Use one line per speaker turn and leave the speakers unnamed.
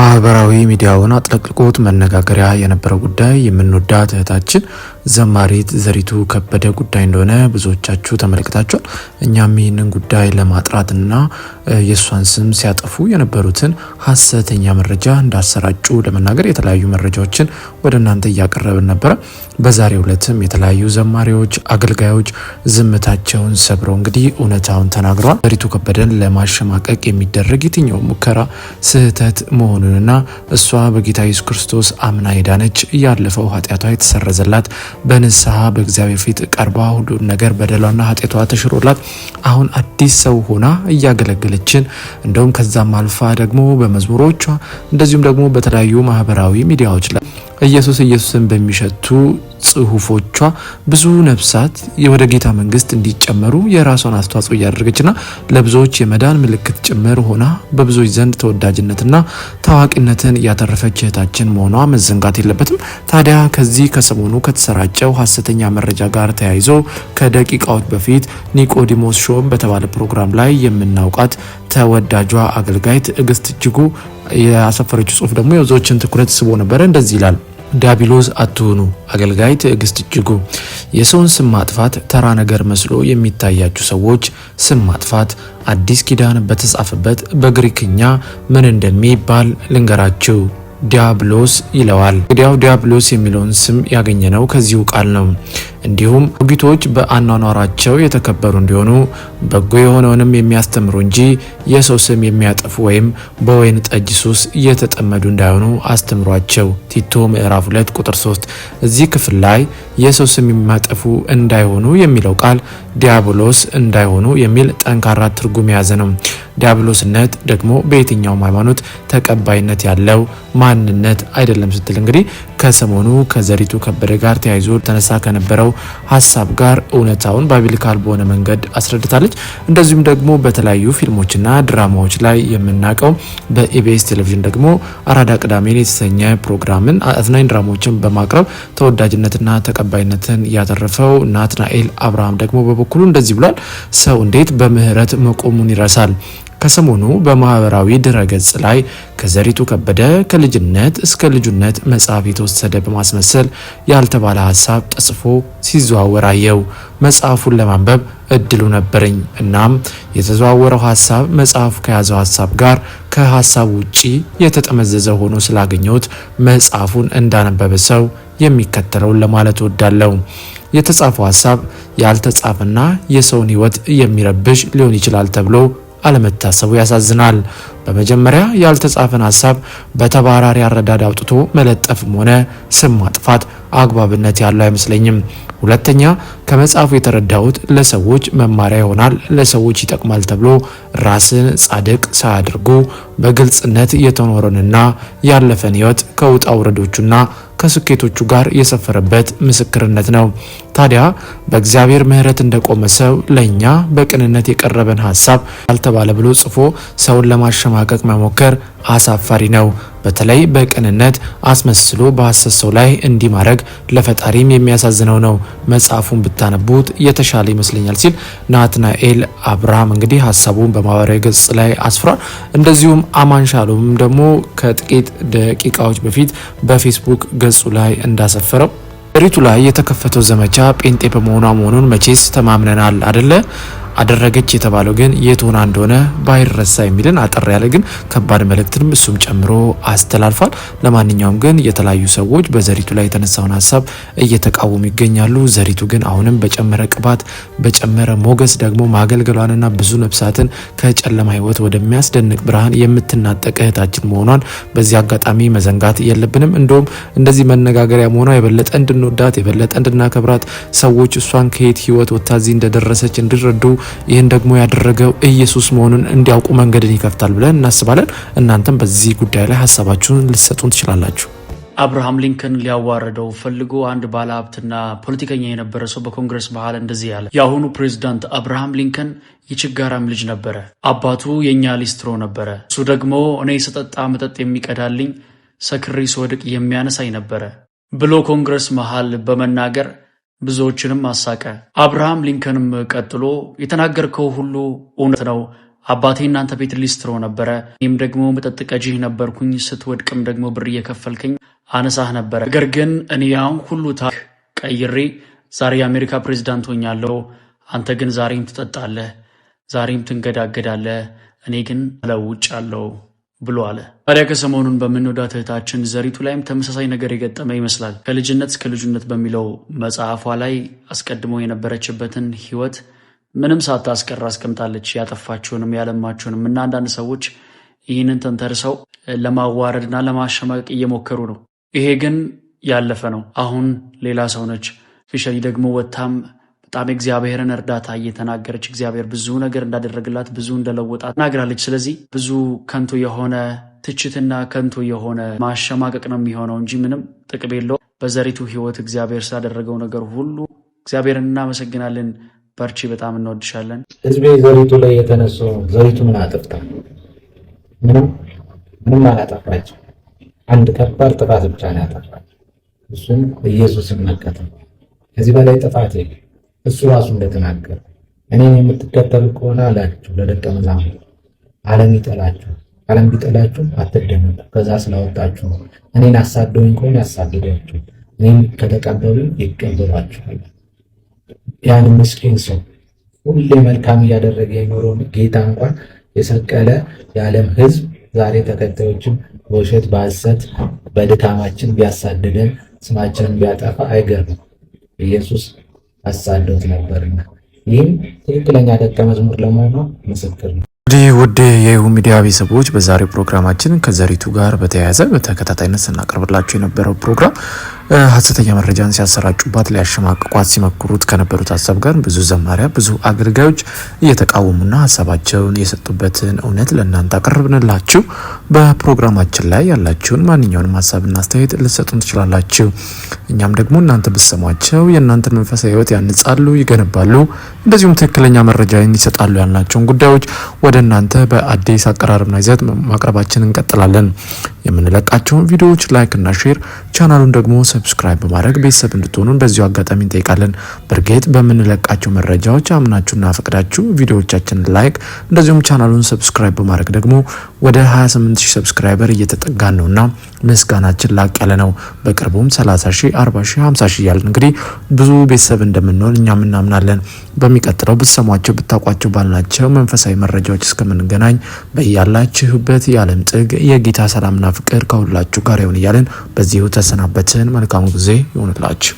ማህበራዊ ሚዲያውን አጥለቅልቆት መነጋገሪያ የነበረው ጉዳይ የምንወዳት እህታችን ዘማሪት ዘሪቱ ከበደ ጉዳይ እንደሆነ ብዙዎቻችሁ ተመልክታችኋል። እኛም ይህንን ጉዳይ ለማጥራትና የእሷን ስም ሲያጠፉ የነበሩትን ሀሰተኛ መረጃ እንዳሰራጩ ለመናገር የተለያዩ መረጃዎችን ወደ እናንተ እያቀረብን ነበረ። በዛሬው ዕለትም የተለያዩ ዘማሪዎች፣ አገልጋዮች ዝምታቸውን ሰብረው እንግዲህ እውነታውን ተናግረዋል። ዘሪቱ ከበደን ለማሸማቀቅ የሚደረግ የትኛው ሙከራ ስህተት መሆኑንና እሷ በጌታ ኢየሱስ ክርስቶስ አምና የዳነች ያለፈው ኃጢአቷ የተሰረዘላት በንስሐ በእግዚአብሔር ፊት ቀርባ ሁሉን ነገር በደሏና ኃጢአቷ ተሽሮላት አሁን አዲስ ሰው ሆና እያገለገለችን እንደውም ከዛም አልፋ ደግሞ በመዝሙሮቿ እንደዚሁም ደግሞ በተለያዩ ማህበራዊ ሚዲያዎች ላይ ኢየሱስ ኢየሱስን በሚሸቱ ጽሁፎቿ ብዙ ነፍሳት ወደ ጌታ መንግስት እንዲጨመሩ የራሷን አስተዋጽኦ እያደረገችና ለብዙዎች የመዳን ምልክት ጭምር ሆና በብዙዎች ዘንድ ተወዳጅነትና ታዋቂነትን ያተረፈች እህታችን መሆኗ መዘንጋት የለበትም። ታዲያ ከዚህ ከሰሞኑ ከተሰራጨው ሀሰተኛ መረጃ ጋር ተያይዞ ከደቂቃዎች በፊት ኒቆዲሞስ ሾም በተባለ ፕሮግራም ላይ የምናውቃት ተወዳጇ አገልጋይ ትዕግስት እጅጉ ያሰፈረችው ጽሁፍ ደግሞ የብዙዎችን ትኩረት ስቦ ነበረ። እንደዚህ ይላል። ዲያብሎስ አትሁኑ። አገልጋይ ትዕግስት እጅጉ። የሰውን ስም ማጥፋት ተራ ነገር መስሎ የሚታያችሁ ሰዎች ስም ማጥፋት አዲስ ኪዳን በተጻፈበት በግሪክኛ ምን እንደሚባል ልንገራችሁ። ዲያብሎስ ይለዋል። እንግዲያው ዲያብሎስ የሚለውን ስም ያገኘነው ከዚሁ ቃል ነው። እንዲሁም ኦጊቶች በአኗኗራቸው የተከበሩ እንዲሆኑ በጎ የሆነውንም የሚያስተምሩ እንጂ የሰው ስም የሚያጠፉ ወይም በወይን ጠጅ ሱስ እየተጠመዱ እንዳይሆኑ አስተምሯቸው። ቲቶ ምዕራፍ 2 ቁጥር 3። እዚህ ክፍል ላይ የሰው ስም የሚያጠፉ እንዳይሆኑ የሚለው ቃል ዲያብሎስ እንዳይሆኑ የሚል ጠንካራ ትርጉም የያዘ ነው። ዲያብሎስነት ደግሞ በየትኛውም ሃይማኖት ተቀባይነት ያለው ማንነት አይደለም ስትል እንግዲህ ከሰሞኑ ከዘሪቱ ከበደ ጋር ተያይዞ ተነሳ ከነበረው ከሚለው ሀሳብ ጋር እውነታውን ባይብሊካል በሆነ መንገድ አስረድታለች። እንደዚሁም ደግሞ በተለያዩ ፊልሞችና ድራማዎች ላይ የምናውቀው በኢቢኤስ ቴሌቪዥን ደግሞ አራዳ ቅዳሜን የተሰኘ ፕሮግራምን አዝናኝ ድራማዎችን በማቅረብ ተወዳጅነትና ተቀባይነትን ያተረፈው ናትናኤል አብርሃም ደግሞ በበኩሉ እንደዚህ ብሏል። ሰው እንዴት በምህረት መቆሙን ይረሳል? ከሰሞኑ በማህበራዊ ድረገጽ ላይ ከዘሪቱ ከበደ ከልጅነት እስከ ልጁነት መጽሐፍ የተወሰደ በማስመሰል ያልተባለ ሀሳብ ተጽፎ ሲዘዋወር አየው። መጽሐፉን ለማንበብ እድሉ ነበረኝ። እናም የተዘዋወረው ሀሳብ መጽሐፉ ከያዘው ሀሳብ ጋር ከሀሳብ ውጪ የተጠመዘዘ ሆኖ ስላገኘሁት መጽሐፉን እንዳነበበ ሰው የሚከተለውን ለማለት እወዳለሁ። የተጻፈው ሀሳብ ያልተጻፈና የሰውን ህይወት የሚረብሽ ሊሆን ይችላል ተብሎ አለመታሰቡ ያሳዝናል። በመጀመሪያ ያልተጻፈን ሀሳብ በተባራሪ አረዳድ አውጥቶ መለጠፍም ሆነ ስም ማጥፋት አግባብነት ያለው አይመስለኝም። ሁለተኛ ከመጽሐፉ የተረዳሁት ለሰዎች መማሪያ ይሆናል፣ ለሰዎች ይጠቅማል ተብሎ ራስን ጻድቅ ሳያደርጉ በግልጽነት የተኖረንና ያለፈን ህይወት ከውጣ ውረዶቹና ከስኬቶቹ ጋር የሰፈረበት ምስክርነት ነው። ታዲያ በእግዚአብሔር ምሕረት እንደቆመ ሰው ለእኛ በቅንነት የቀረበን ሀሳብ ያልተባለ ብሎ ጽፎ ሰውን ለማሸማቀቅ መሞከር አሳፋሪ ነው። በተለይ በቅንነት አስመስሎ በሐሰት ሰው ላይ እንዲህ ማድረግ ለፈጣሪም የሚያሳዝነው ነው። መጽሐፉን ብታነቡት የተሻለ ይመስለኛል ሲል ናትናኤል አብርሃም እንግዲህ ሀሳቡን በማህበራዊ ገጽ ላይ አስፍሯል። እንደዚሁም አማን ሻሎም ደግሞ ከጥቂት ደቂቃዎች በፊት በፌስቡክ ገጹ ላይ እንዳሰፈረው ሪቱ ላይ የተከፈተው ዘመቻ ጴንጤ በመሆኗ መሆኑን መቼስ ተማምነናል አደለ አደረገች የተባለው ግን የት ሆና እንደሆነ ባይረሳ የሚልን አጠር ያለ ግን ከባድ መልእክትንም እሱም ጨምሮ አስተላልፏል። ለማንኛውም ግን የተለያዩ ሰዎች በዘሪቱ ላይ የተነሳውን ሀሳብ እየተቃወሙ ይገኛሉ። ዘሪቱ ግን አሁንም በጨመረ ቅባት በጨመረ ሞገስ ደግሞ ማገልገሏንና ብዙ ነፍሳትን ከጨለማ ህይወት ወደሚያስደንቅ ብርሃን የምትናጠቅ እህታችን መሆኗን በዚህ አጋጣሚ መዘንጋት የለብንም። እንደውም እንደዚህ መነጋገሪያ መሆኗ የበለጠ እንድንወዳት የበለጠ እንድናከብራት ሰዎች እሷን ከየት ህይወት ወታዚህ እንደደረሰች እንዲረዱ ይህን ደግሞ ያደረገው ኢየሱስ መሆኑን እንዲያውቁ መንገድን ይከፍታል ብለን እናስባለን። እናንተም በዚህ ጉዳይ ላይ ሀሳባችሁን ልትሰጡን ትችላላችሁ።
አብርሃም ሊንከን ሊያዋርደው ፈልጎ አንድ ባለሀብትና ፖለቲከኛ የነበረ ሰው በኮንግረስ ባህል እንደዚህ ያለ። የአሁኑ ፕሬዚዳንት አብርሃም ሊንከን የችጋራም ልጅ ነበረ። አባቱ የእኛ ሊስትሮ ነበረ። እሱ ደግሞ እኔ ስጠጣ መጠጥ የሚቀዳልኝ ሰክሪ ስወድቅ የሚያነሳኝ ነበረ ብሎ ኮንግረስ መሃል በመናገር ብዙዎችንም አሳቀ። አብርሃም ሊንከንም ቀጥሎ የተናገርከው ሁሉ እውነት ነው አባቴ እናንተ ቤት ሊስትሮ ነበረ። እኔም ደግሞ መጠጥ ቀጂህ ነበርኩኝ። ስትወድቅም ደግሞ ብር እየከፈልከኝ አነሳህ ነበረ። ነገር ግን እኔ ያን ሁሉ ታሪክ ቀይሬ ዛሬ የአሜሪካ ፕሬዚዳንት ሆኛለሁ። አንተ ግን ዛሬም ትጠጣለህ፣ ዛሬም ትንገዳገዳለህ። እኔ ግን እለውጫለሁ። ብሎ አለ። ታዲያ ከሰሞኑን በምንወዳት እህታችን ዘሪቱ ላይም ተመሳሳይ ነገር የገጠመ ይመስላል። ከልጅነት እስከ ልጅነት በሚለው መጽሐፏ ላይ አስቀድሞ የነበረችበትን ህይወት ምንም ሳታስቀር አስቀምጣለች፣ ያጠፋችሁንም ያለማችሁንም። እና አንዳንድ ሰዎች ይህንን ተንተርሰው ለማዋረድና ለማሸማቅ እየሞከሩ ነው። ይሄ ግን ያለፈ ነው። አሁን ሌላ ሰው ነች። ፊሸሪ ደግሞ ወታም በጣም እግዚአብሔርን እርዳታ እየተናገረች እግዚአብሔር ብዙ ነገር እንዳደረግላት ብዙ እንደለወጣት ተናግራለች። ስለዚህ ብዙ ከንቱ የሆነ ትችትና ከንቱ የሆነ ማሸማቀቅ ነው የሚሆነው እንጂ ምንም ጥቅም የለው። በዘሪቱ ህይወት እግዚአብሔር ስላደረገው ነገር ሁሉ እግዚአብሔርን እናመሰግናለን። በርቺ፣ በጣም እንወድሻለን።
ህዝቤ ዘሪቱ ላይ የተነሳው ዘሪቱ ምን አጥፍታ? ምንም ምንም አላጠፋች። አንድ ከባድ ጥፋት ብቻ ነው ያጠፋች፣ እሱም ኢየሱስን መከተል። ከዚህ በላይ ጥፋት የለም። እሱ ራሱ እንደተናገረ እኔን የምትከተሉ ከሆነ አላችሁ ለደቀ መዛሙርት ዓለም ይጠላችሁ፣ ዓለም ቢጠላችሁ አትደነቁ፣ ከዛ ስላወጣችሁ ነው። እኔን አሳደውኝ ከሆነ ያሳድዳችሁ፣ እኔን ከተቀበሉ ይቀበሏችኋል። ያን ምስኪን ሰው ሁሌ መልካም እያደረገ የኖረውን ጌታ እንኳን የሰቀለ የዓለም ህዝብ ዛሬ ተከታዮችን በውሸት በሐሰት በድካማችን ቢያሳድደን ስማችንን ቢያጠፋ አይገርምም ኢየሱስ አሳለሁት ነበርና ይህም ትክክለኛ ደቀ መዝሙር ለመሆኗ ምስክር ነው።
ውድ የይሁ ሚዲያ ቤተሰቦች በዛሬው ፕሮግራማችን ከዘሪቱ ጋር በተያያዘ በተከታታይነት ስናቀርብላቸው የነበረው ፕሮግራም ሀሰተኛ መረጃን ሲያሰራጩባት ሊያሸማቅቋት ሲመክሩት ከነበሩት ሀሳብ ጋር ብዙ ዘማሪያ ብዙ አገልጋዮች እየተቃወሙና ሀሳባቸውን የሰጡበትን እውነት ለእናንተ አቀርብንላችሁ። በፕሮግራማችን ላይ ያላችሁን ማንኛውንም ሀሳብና አስተያየት ልትሰጡን ትችላላችሁ። እኛም ደግሞ እናንተ ብሰሟቸው የእናንተን መንፈሳዊ ህይወት ያንጻሉ፣ ይገነባሉ፣ እንደዚሁም ትክክለኛ መረጃ ይሰጣሉ ያላቸውን ጉዳዮች ወደ ለእናንተ በአዲስ አቀራረብና ይዘት ማቅረባችን እንቀጥላለን። የምንለቃቸውን ቪዲዮዎች ላይክ እና ሼር፣ ቻናሉን ደግሞ ሰብስክራይብ በማድረግ ቤተሰብ እንድትሆኑን በዚሁ አጋጣሚ እንጠይቃለን። በእርግጥ በምንለቃቸው መረጃዎች አምናችሁና ፈቅዳችሁ ቪዲዮዎቻችንን ላይክ እንደዚሁም ቻናሉን ሰብስክራይብ በማድረግ ደግሞ ወደ 28000 ሰብስክራይበር እየተጠጋን ነውና ምስጋናችን ላቅ ያለ ነው። በቅርቡም 30 ሺህ፣ 40 እያልን እንግዲህ ብዙ ቤተሰብ እንደምንሆን እኛም እናምናለን። በሚቀጥለው ብትሰሟቸው ብታውቋቸው ባልናቸው መንፈሳዊ መረጃዎች እስከ እስከምንገናኝ በያላችሁበት የዓለም ጥግ የጌታ ሰላምና ፍቅር ከሁላችሁ ጋር ይሁን እያለን በዚሁ ተሰናበትን። መልካሙ ጊዜ ይሁንላችሁ።